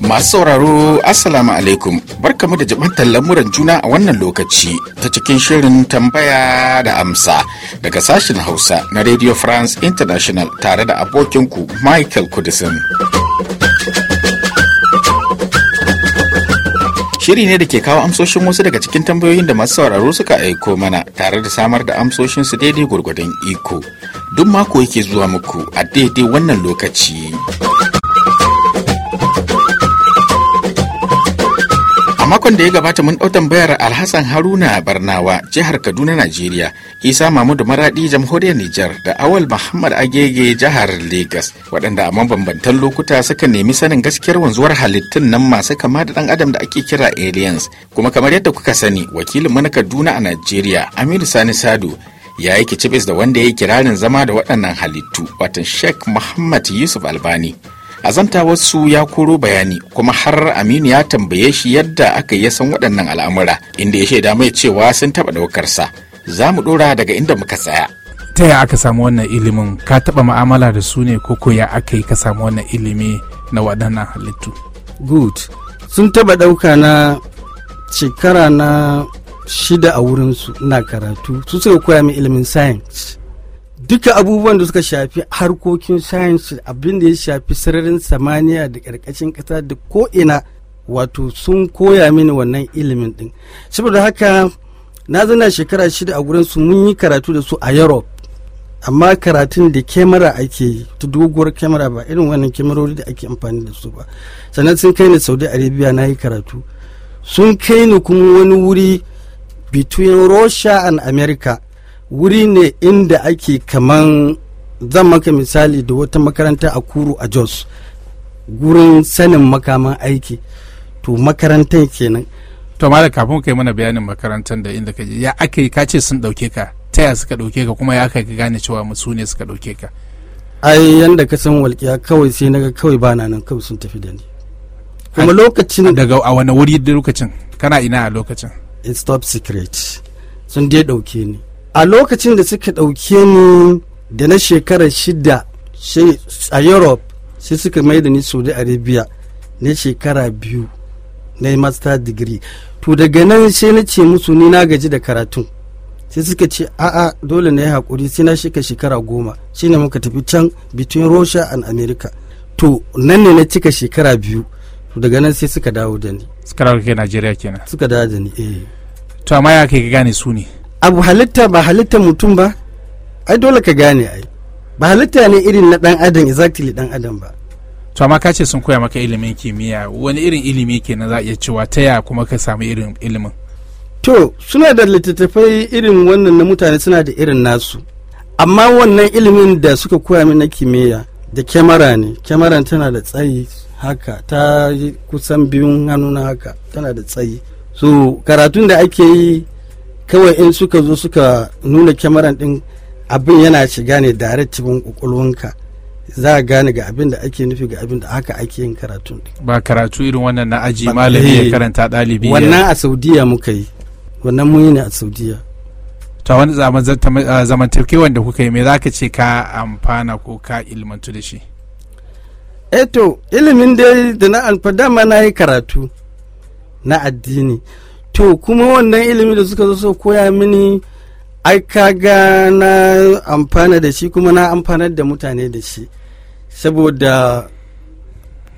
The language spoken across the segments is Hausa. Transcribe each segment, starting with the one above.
Masu sauraro Assalamu alaikum barkamu da jibantar lamuran juna a wannan lokaci ta cikin shirin tambaya da amsa daga sashen Hausa na Radio France International tare da abokinku Michael Kudisin. Shiri ne da ke kawo amsoshin wasu daga cikin tambayoyin da masu sauraro suka aiko mana tare da samar da amsoshin su daidai gwargwadon iko. Duk mako yake zuwa muku a daidai wannan lokaci. a makon da ya gabata mun ɗau tambayar alhassan haruna barnawa jihar kaduna najeriya isa mahmudu maradi jamhuriyar nijar da awal muhammad agege jihar Legas, waɗanda a mabambantan lokuta suka nemi sanin gaskiyar wanzuwar halittun nan masu kama da ɗan adam da ake kira aliens kuma kamar yadda kuka sani wakilin mana kaduna a najeriya aminu sani sadu ya yi kicibis da wanda ya yi kirarin zama da waɗannan halittu watan sheikh muhammad yusuf albani azanta wasu ya koro bayani kuma har aminu ya tambaye shi yadda aka yi san waɗannan al'amura inda ya shaida mai cewa sun taɓa ɗaukarsa za mu ɗora daga inda muka tsaya. Ta ya aka samu wannan ilimin ka taba ma'amala da su ne ko ya aka yi ka samu wannan ilimi na waɗannan halittu? Good. Sun taba ɗauka na shekara na shida a wurinsu na karatu su suka koya min ilimin science. duka abubuwan da suka shafi harkokin science abin da ya shafi sararin samaniya da ƙarƙashin ƙasa da ko'ina wato sun koya mini wannan ilimin ɗin saboda haka na zana shekara shida a su mun yi karatu da su a europe amma karatun da kyamara ake yi ta doguwar kyamara ba irin wannan kemarori da ake amfani da su ba sannan sun kai ni saudi arabia na yi karatu sun kai ni kuma wani wuri between russia and america wuri ne inda ake kaman zan maka misali da wata makaranta a kuru a jos gurin sanin makaman aiki to makarantar kenan to da kafin kai mana bayanin makarantar da inda ka je ya aka yi ka ce sun ɗauke ka ta ya suka ɗauke ka kuma ya aka ka gane cewa su ne suka ɗauke ka ai yanda ka san walƙiya kawai sai naga kawai ba na nan kawai sun tafi da ni kuma lokacin daga a wani wuri da lokacin kana ina a lokacin it's top secret sun dai ɗauke ni a lokacin da suka ɗauke ni da na shekara shida a europe sai suka mai da ni saudi arabia na shekara biyu na yi master degree to daga nan sai na ce musu ni na gaji da karatun sai suka ce a'a dole na yi haƙuri sai na shika shekara goma shine muka tafi can between russia and america to nan ne na cika shekara biyu to daga nan sai suka dawo da ni suka dawo ke najeriya kenan suka dawo da ni eh to amma ya kai gane su ne abu halitta ba halitta mutum ba ai dole ka gane ai ba halitta ne irin na dan adam exactly dan adam ba to amma ka ce sun koya maka ilimin kimiyya wani irin ilimi kenan za a iya cewa ta ya kuma ka samu irin ilimin to suna da littattafai irin wannan na mutane suna da irin nasu amma wannan ilimin da suka koya min na kimiyya da kyamara ne kyamara tana da tsayi haka ta kusan biyun hannu na haka tana da tsayi so karatun da ake yi kawai in suka zo suka nuna kyamaran din abin yana shiga ne da cikin kwakwalwanka za a gane ga abin da ake nufi ga abin da haka ake yin karatun ba karatu irin wannan na aji malami ya eh, karanta ɗalibi wannan a saudiya muka yi wannan mun yi ne a saudiya ta wani ah, zamantarki wanda kuka yi me za ka ce ka amfana ko ka ilmantu da shi eto eh ilimin dai da na ma na yi karatu na addini to kuma wannan ilimin da suka zo so koya mini ai kaga na amfana da shi kuma na amfanar da mutane da shi saboda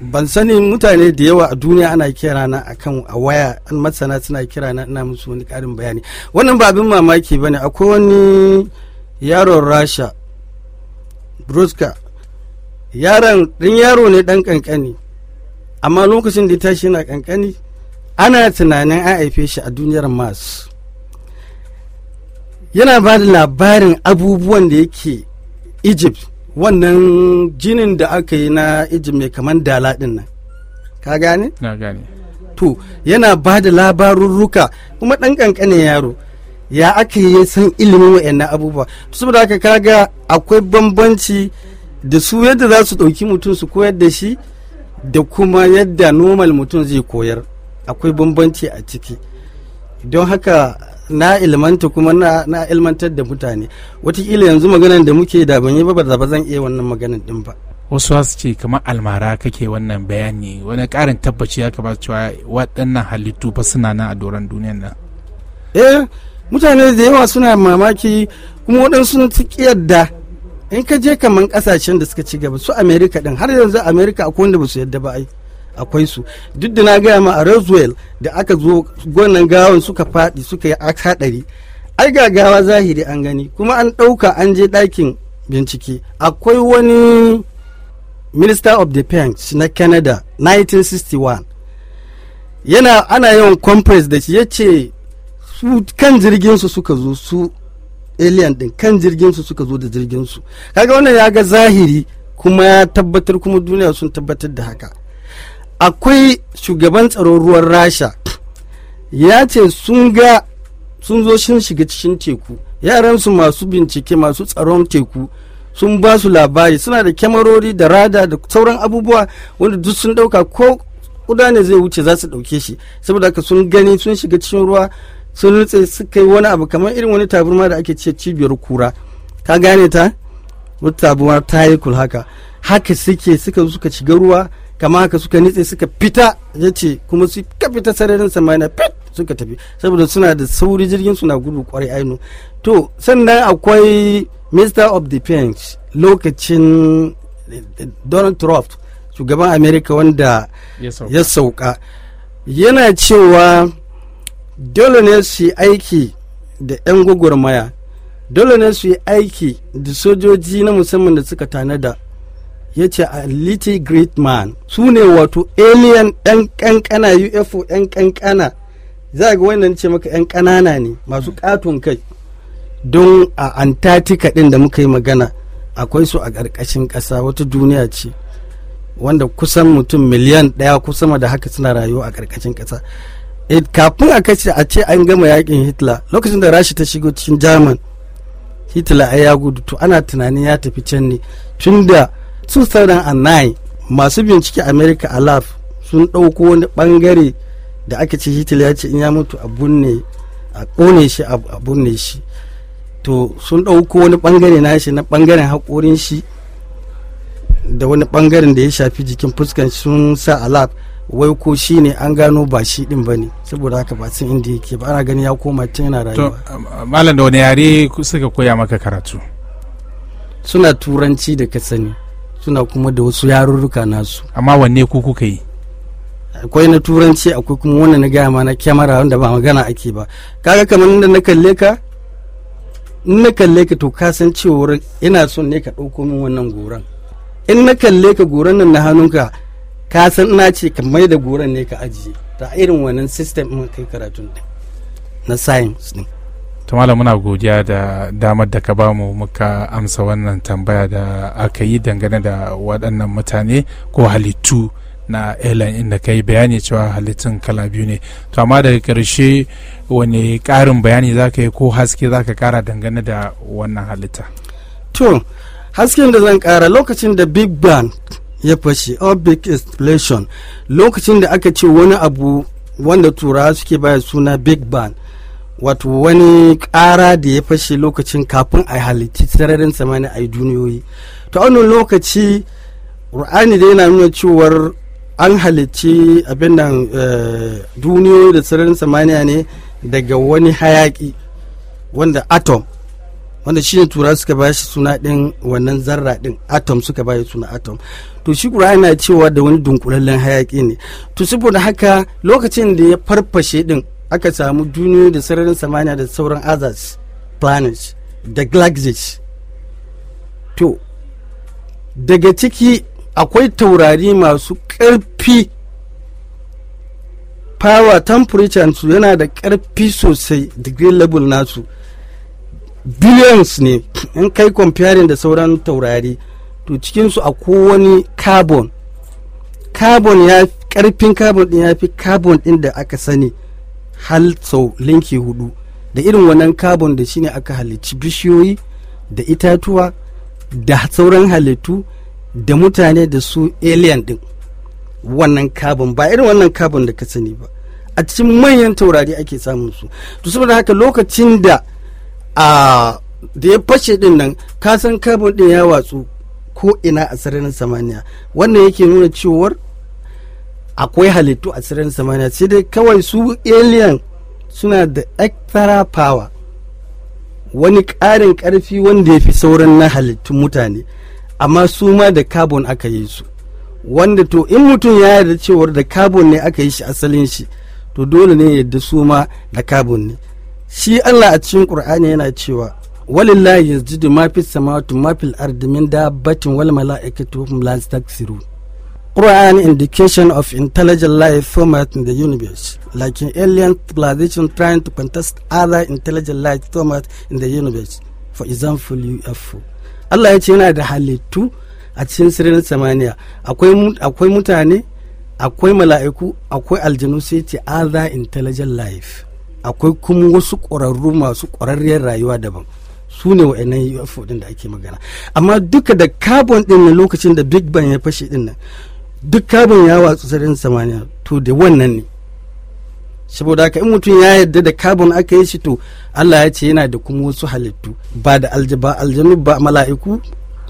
ban sani mutane da yawa a duniya ana kira na akan a waya an masana suna kira na ina musu wani karin bayani wannan ba abin mamaki ba ne akwai wani yaron rasha bruska yaron ɗin yaro ne ɗan ƙanƙani amma lokacin da ya tashi yana ƙanƙani ana tunanin an haife shi a duniyar mars yana ba da labarin abubuwan da yake egypt wannan jinin da aka yi na iji mai kaman dala din nan ka gane? na gane to yana ba da labarurruka kuma ɗan ƙanƙane yaro ya aka yi san ilimin wa'annan abubuwa saboda haka kaga akwai bambanci da su yadda za su ɗauki mutum su koyar da shi da kuma yadda normal mutum zai koyar akwai bambanci a ciki don haka na ilmanta kuma na, ilmantar da mutane watakila yanzu maganan da muke da ban yi ba ba zan iya wannan maganan din ba wasu su ce kamar almara kake wannan bayani wani karin tabbaci ya kamata cewa waɗannan halittu ba suna nan a doron duniyan nan eh mutane da yawa suna mamaki kuma waɗansu sun yadda in ka je kamar ƙasashen da suka ci gaba su amerika din har yanzu amerika akwai wanda ba su yadda ba ai akwai su duk da na gaya ma a roswell da aka zo gwanan gawan suka faɗi suka yi haɗari ai gagawa zahiri an gani kuma an ɗauka an je ɗakin bincike akwai wani minister of defense na canada 1961 yana ana yawan conference da shi ya ce su kan jirginsu suka zo su alien din kan jirginsu suka zo da jirginsu kaga wannan ya ga zahiri kuma ya tabbatar kuma duniya sun tabbatar da haka akwai shugaban tsaron ruwan rasha ya ce sun ga sun zo sun shiga cikin teku yaransu masu bincike masu tsaron teku sun ba su labari suna da kyamarori da rada da sauran abubuwa wanda duk sun dauka ko kuda ne zai wuce za su dauke shi saboda haka sun gani sun shiga cikin ruwa sun nutse suka yi wani abu kamar irin wani taburma da ake ce cibiyar kura ka gane ta wata tabarma ta yi kul haka haka suke suka suka shiga ruwa kama haka suka nitse suka fita ya ce kuma suka fita sararin samaniya fit suka tafi saboda suna da sauri jirgin suna gudu kwarai ainu to sannan akwai minister of defense lokacin eh, donald trump shugaban Amerika wanda ya sauka yana cewa dole ne su yi aiki da 'yan gwagwarmaya dole ne su yi aiki da sojoji na musamman da suka tanada ya ce a little great man su ne wato alien ɗan ƙanƙana ufo ɗan ƙanƙana za ga wannan ce maka ɗan ƙanana ne masu ƙaton kai don a antarctica ɗin da muka yi magana akwai su a ƙarƙashin ƙasa wata duniya ce wanda kusan mutum miliyan ɗaya ko sama da haka suna rayuwa a ƙarƙashin ƙasa e, kafin a kace a ce an gama yakin hitler lokacin da rashi ta shigo cikin german hitler ya gudu to ana tunanin ya tafi can ne tunda 2009 masu bincike america alaf sun ɗauko wani ɓangare da aka ce hitler ya ce in ya mutu a bunne a ƙone shi a bunne shi to sun ɗauko wani ɓangare na shi na ɓangaren haƙorin shi da wani ɓangaren da ya shafi jikin fuskan sun sa alaf wai ko shi ne an gano ba shi din ba ne saboda haka ba sun inda yake ba ana gani ya koma tun yana rayuwa malam da wani yare suka koya maka karatu suna turanci da ka sani suna kuma da wasu yarurruka nasu amma wanne ku kuka yi akwai na turanci akwai kuma wanda na gaya ma na kyamara wanda ba magana ake ba kaga kamar inda na kalle ka in na kalle ka to ka san cewar ina son ne ka ɗauko min wannan goran in na kalle ka goran nan na hannunka ka san ina ce ka mai da goran ne ka ajiye ta irin wannan system kai karatun na science ne tumala muna godiya da damar da ka bamu muka amsa wannan tambaya da aka yi dangane da waɗannan mutane ko halittu na airline inda ka yi bayani cewa halittun kala biyu ne to amma daga ƙarshe wani ƙarin bayani za ka yi ko haske za ka ƙara dangane da wannan halitta to hasken da zan ƙara lokacin da big bang ya fashe all big explosion lokacin da aka ce wani abu wanda turawa suke baya suna big bang wato wani ƙara da ya fashe lokacin kafin a halitti sararin samani a duniyoyi ta wannan lokaci ru'ani da yana nuna cewar an halicci abin eh, duniyoyi da sararin samaniya ne daga wani hayaki wanda atom wanda shine tura suka ba shi suna ɗin wannan zarra ɗin atom suka ba shi suna atom to shi ƙur'ani na cewa da wani dunkulallen hayaki ne to saboda haka lokacin da ya farfashe ɗin aka samu duniya da sararin samaniya da sauran others planets da galaxies to daga ciki akwai taurari masu ƙarfi power temperature su yana da ƙarfi sosai degree level nasu billions ne in kai comparing da sauran taurari to cikinsu a wani carbon carbon ya karfin carbon din ya fi carbon din da aka sani hal sau linki hudu da irin wannan carbon da shine aka halicci bishiyoyi da itatuwa da sauran halittu da mutane da su alien din wannan carbon ba irin wannan carbon da ka sani ba a cikin manyan taurari ake samun su to saboda haka lokacin da a da ya fashe din nan kasan carbon din ya watsu ko ina a sararin samaniya wannan yake nuna cewar akwai halittu a sararin samaniya sai dai kawai su alien suna da extra power wani karin karfi wanda ya fi sauran na halittun mutane amma su ma da carbon aka yi su wanda to in mutum ya yarda cewar da carbon ne aka yi shi asalin shi to dole ne yadda su ma da carbon ne shi Allah a cikin Qur'ani yana cewa walillahi yanzu ma mafi samawati ma fil ardi min dabbatin wal malaikatu hum la Quran indication of intelligent life format in the universe, like an alien civilization trying to contest other intelligent life format in the universe, for example UFO. Allah ya ce yana da halittu a cikin sirrin samaniya akwai mutane akwai mala'iku akwai aljanu sai ce other intelligent life akwai kuma wasu ƙwararru masu ƙwararriyar rayuwa daban su ne wa'annan UFO din da ake magana amma duka da carbon din na lokacin da big bang ya fashe din nan duk kabin ya watsu sararin samaniya to da wannan ne saboda haka in mutum ya yarda da kabin aka yi shi to Allah ya ce yana da kuma wasu halittu ba da aljaba aljanu ba mala'iku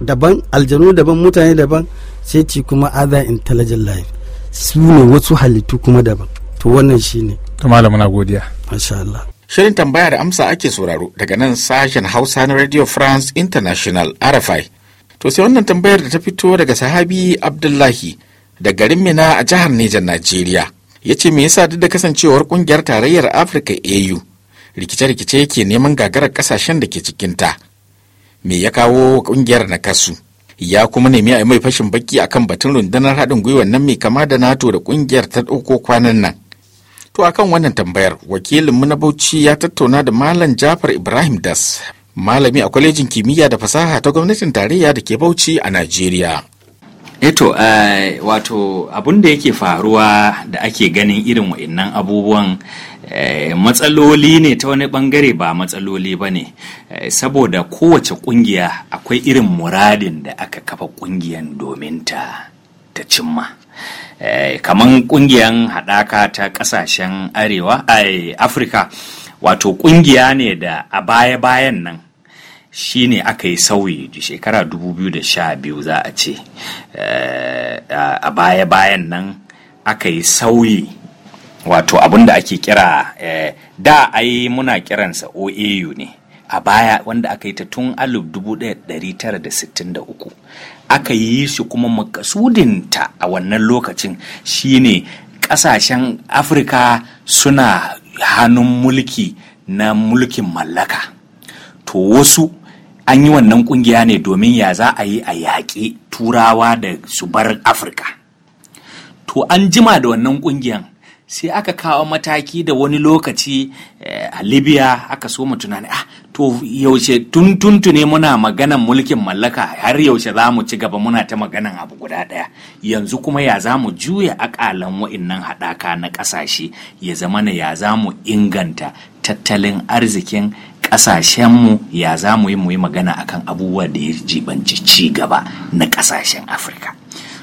daban aljanu daban mutane daban sai ce kuma other intelligent life su ne wasu halittu kuma daban to wannan shine to malamuna godiya masha Allah Shirin tambaya da amsa ake sauraro daga nan sashen Hausa na Radio France International RFI. To sai wannan tambayar da ta fito daga sahabi Abdullahi da garin Mina a jihar Nijar Najeriya. Ya ce me yasa duk da kasancewar kungiyar tarayyar Afirka AU rikice-rikice yake neman gagarar kasashen da ke cikinta. Me ya kawo kungiyar na kasu? Ya kuma nemi a mai fashin baki akan batun rundunar haɗin gwiwar nan mai kama da NATO da kungiyar ta ɗauko kwanan nan. To akan wannan tambayar wakilin mu na Bauchi ya tattauna da Malam Jafar Ibrahim Das malami a kwalejin kimiyya da fasaha ta gwamnatin tarayya da ke Bauchi a Najeriya. eto eh eh, wato abun da yake faruwa da ake ganin irin wa'innan abubuwan eh, matsaloli ne ta wani bangare ba matsaloli ba ne saboda kowace kungiya akwai irin muradin da aka kafa kungiyan domin ta ta cimma kaman kungiyan haɗaka ta ƙasashen arewa afirka wato kungiya ne da a baya-bayan nan shi ne aka yi sauyi da shekara 2012 za a ce eh, a baya-bayan nan aka yi sauyi wato abin ake kira eh, da ai muna kiransa oau ne a baya wanda aka yi ta tun 1963 aka yi shi kuma makasudinta a wannan lokacin shi ne kasashen afirka suna hannun mulki na mulkin mallaka to wasu an yi wannan kungiya ne domin ya za a yi a yaƙi turawa da su bar afirka to an jima da wannan kungiyan sai aka kawo mataki da wani lokaci eh, a libya aka so mu tunani ah to yaushe tun tuntune muna maganan mulkin mallaka har yaushe za mu ci gaba muna ta maganan abu guda ɗaya yanzu kuma ya za mu juya akalan wa'innan haɗaka na ƙasashe ya zama ya za mu inganta tattalin arzikin ƙasashenmu ya za mu yi mu yi magana akan abubuwa da ya jibanci ci gaba na ƙasashen afirka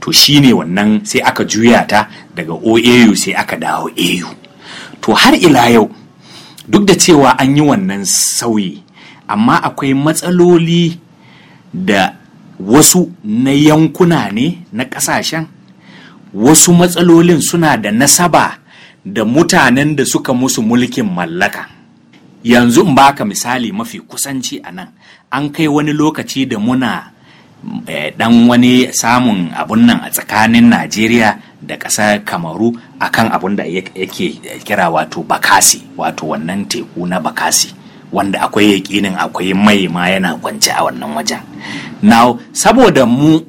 to shine wannan sai aka juya ta daga oau sai aka dawo au to har ila yau duk da cewa an yi wannan sauyi amma akwai matsaloli da wasu na yankuna ne na ƙasashen wasu matsalolin suna da nasaba da mutanen da suka musu mulkin mallaka yanzu in baka misali mafi kusanci a nan an kai wani lokaci da muna eh, dan wani samun abun nan a tsakanin najeriya da ƙasar kamaru akan abun da yake kira wato bakasi wato wannan teku na bakasi wanda akwai yaƙinin akwai mai ma yana kwance a wannan wajen now saboda mu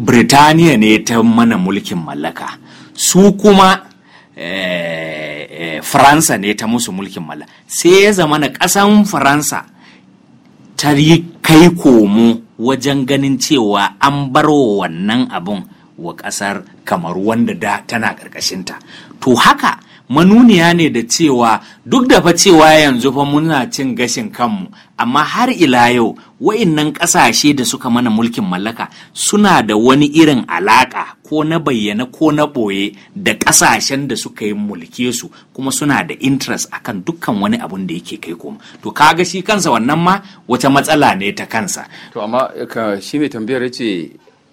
Birtaniya ne ta mana mulkin mallaka su kuma eh, Eh, faransa ne ta musu mulkin mala sai ya zama na ƙasan faransa ta kai komo wajen ganin cewa an bar wa wannan abun wa ƙasar kamar wanda da tana ƙarƙashinta to haka manuniya ne da cewa duk da fa cewa yanzu fa muna cin gashin kanmu amma har ila yau wa'innan ƙasashe da suka mana mulkin mallaka suna da wani irin alaƙa ko na bayyana ko na ɓoye da ƙasashen da suka yi mulke su kuma suna da interest akan dukkan wani abun da yake kai koma to kaga shi kansa wannan ma wata matsala ne ta kansa to amma shi mai tambayar ce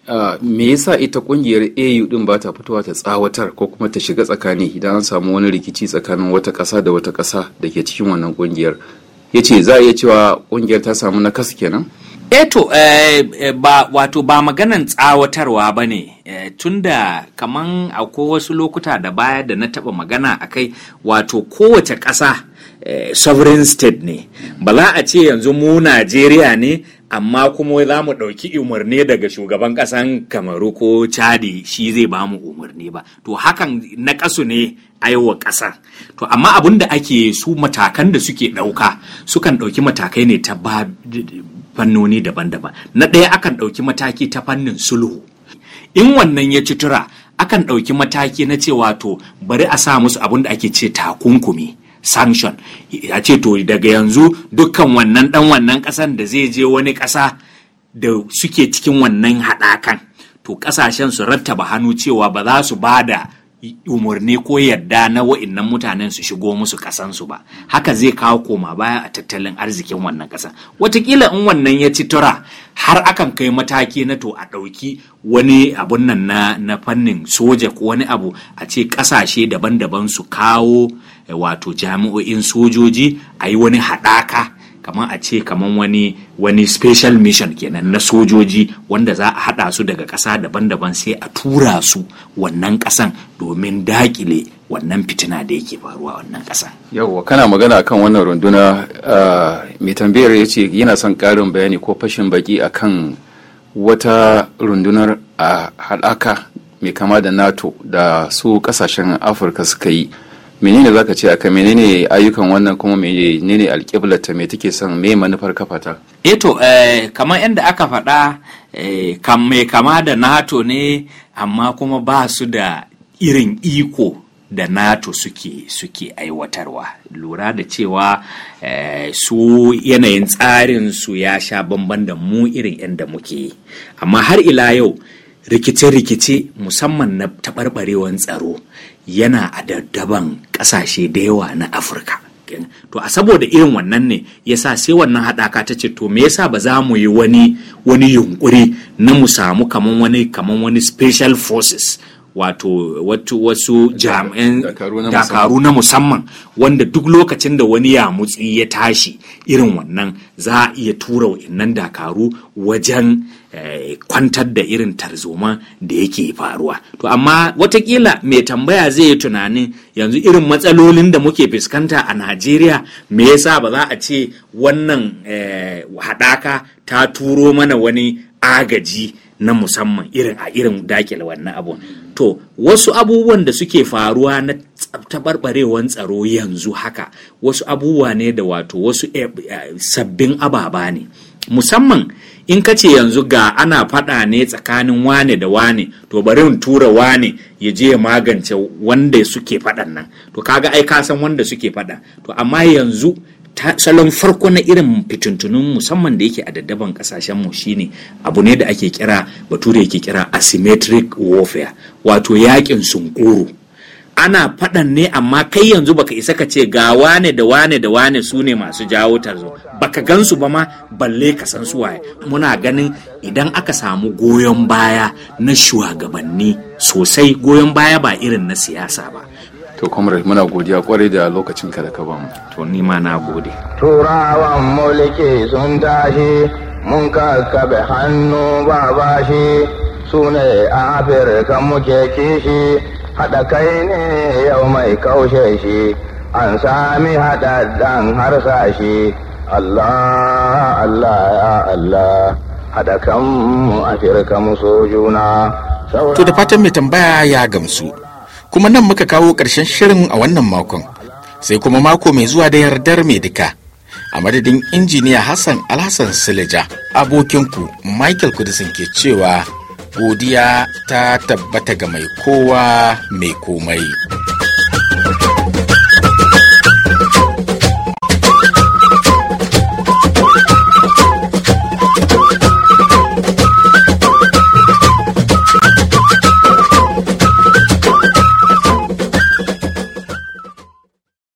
Ah, me yasa ita kungiyar AU din ba ta fitowa ta tsawatar ko kuma ta shiga tsakani idan an samu wani rikici tsakanin wata ƙasa da wata ƙasa da ke cikin wannan kungiyar ya ce za a iya cewa kungiyar ta samu na kasu kenan eto eh eh, eh, ba wato ba maganan tsawatarwa ba ne tun tunda kaman akwai wasu lokuta da baya da na taba magana akai wato kowace ƙasa sovereign state ne ba a ce yanzu mu najeriya ne amma kuma za mu ɗauki umarni daga shugaban ƙasan kamaru ko chadi shi zai ba mu umarni ba to hakan na ƙasu ne aiwa ƙasan. to amma abin da ake su matakan da suke ɗauka sukan ɗauki matakai ne ta fannoni daban-daban na ɗaya akan ɗauki mataki ta fannin sulhu in wannan ya ci akan ɗauki mataki na cewa to bari a sa musu abin da ake ce takunkumi sanction ya ce to daga yanzu dukkan wannan dan wannan kasan da zai je wani kasa da suke cikin wannan haɗakan to kasashen su rattaba hannu cewa ba za su ba da umarni ko yarda na wa'innan mutanen su shigo musu kasansu ba haka zai kawo koma baya a tattalin arzikin wannan kasa watakila in wannan ya ci tura har akan kai mataki na to a ɗauki wani abun nan na, na fannin soja ko wani abu a ce ƙasashe daban-daban su kawo eh, wato jami'o'in sojoji a yi wani haɗaka kamar a ce kamar wani wani special mission kenan na sojoji wanda za a haɗa su daga ƙasa daban-daban sai a tura su wannan ƙasan domin dakile wannan fitina da yake faruwa wannan ƙasan. yawwa kana magana kan wannan runduna mai tambayar ya ce yana son ƙarin bayani ko fashin baki akan wata rundunar a haɗaka mai kama da nato da su ƙasashen afirka suka yi menene zaka ce aka menene ayyukan wannan kuma menene alƙiblata me take son me manufar kafata eto eh, eh, kamar yadda aka faɗa eh, mai kama da nato ne amma kuma ba su da irin iko da nato suke suke aiwatarwa lura da cewa eh, su yanayin tsarin su ya sha bamban da mu irin yadda muke amma har ila yau rikice-rikice musamman na taɓarɓarewan tsaro yana a daddaban ƙasashe da yawa na afirka to a saboda irin wannan ne ya sa sai wannan haɗaka ta ce to me yasa ba za mu yi wani wani na mu samu kaman wani kamar wani special forces wato wasu jami'an dakaru na musamman wanda duk lokacin da wani ya mutsi ya tashi irin wannan za a iya tura wa'innan dakaru wajen Eh, kwantar da irin tarzoma da yake faruwa to amma watakila mai tambaya zai yi tunanin yanzu irin matsalolin da muke fuskanta a najeriya me yasa ba za a ce wannan eh, haɗaka ta turo mana wani agaji na musamman irin a irin dakile wannan abu to wasu abubuwan da suke faruwa na taɓarɓarewan tsaro yanzu haka wasu abubuwa ne da wato wasu eh, sabbin ababa ne musamman in ka ce yanzu ga ana faɗa ne tsakanin wane da wane to bari in tura wane ya je ya magance wanda suke faɗan nan to kaga ai ka san wanda suke faɗa to amma yanzu salon farko na irin fitintunin musamman da yake a daddaban kasashen mu shine abu ne da ake kira bature yake kira asymmetric warfare wato yakin sunkuru ana faɗan ne amma kai yanzu baka isa ka ce ga wane da wane da wane su ne masu jawo tarzo baka gansu ba ma balle ka san su waye muna ganin idan aka samu goyon baya na shugabanni sosai goyon baya ba irin na siyasa ba to comrade muna godiya kwarai da lokacin ka da ka bamu to ni ma na gode turawan mulki sun tashi mun kakkabe hannu ba bashi su ne a afirka muke kishi haɗa kai ne yau mai kaushe shi an sami haɗaɗɗan shi Allah Allah ya Allah haɗa kanmu a firka muso juna. To da fatan mai tambaya ya gamsu, kuma nan muka kawo ƙarshen shirin a wannan makon, sai kuma mako mai zuwa da yardar mai duka. A madadin injiniya Hassan Alhassan Silija, abokinku Michael Kudisin ke cewa godiya ta tabbata ga mai kowa mai komai.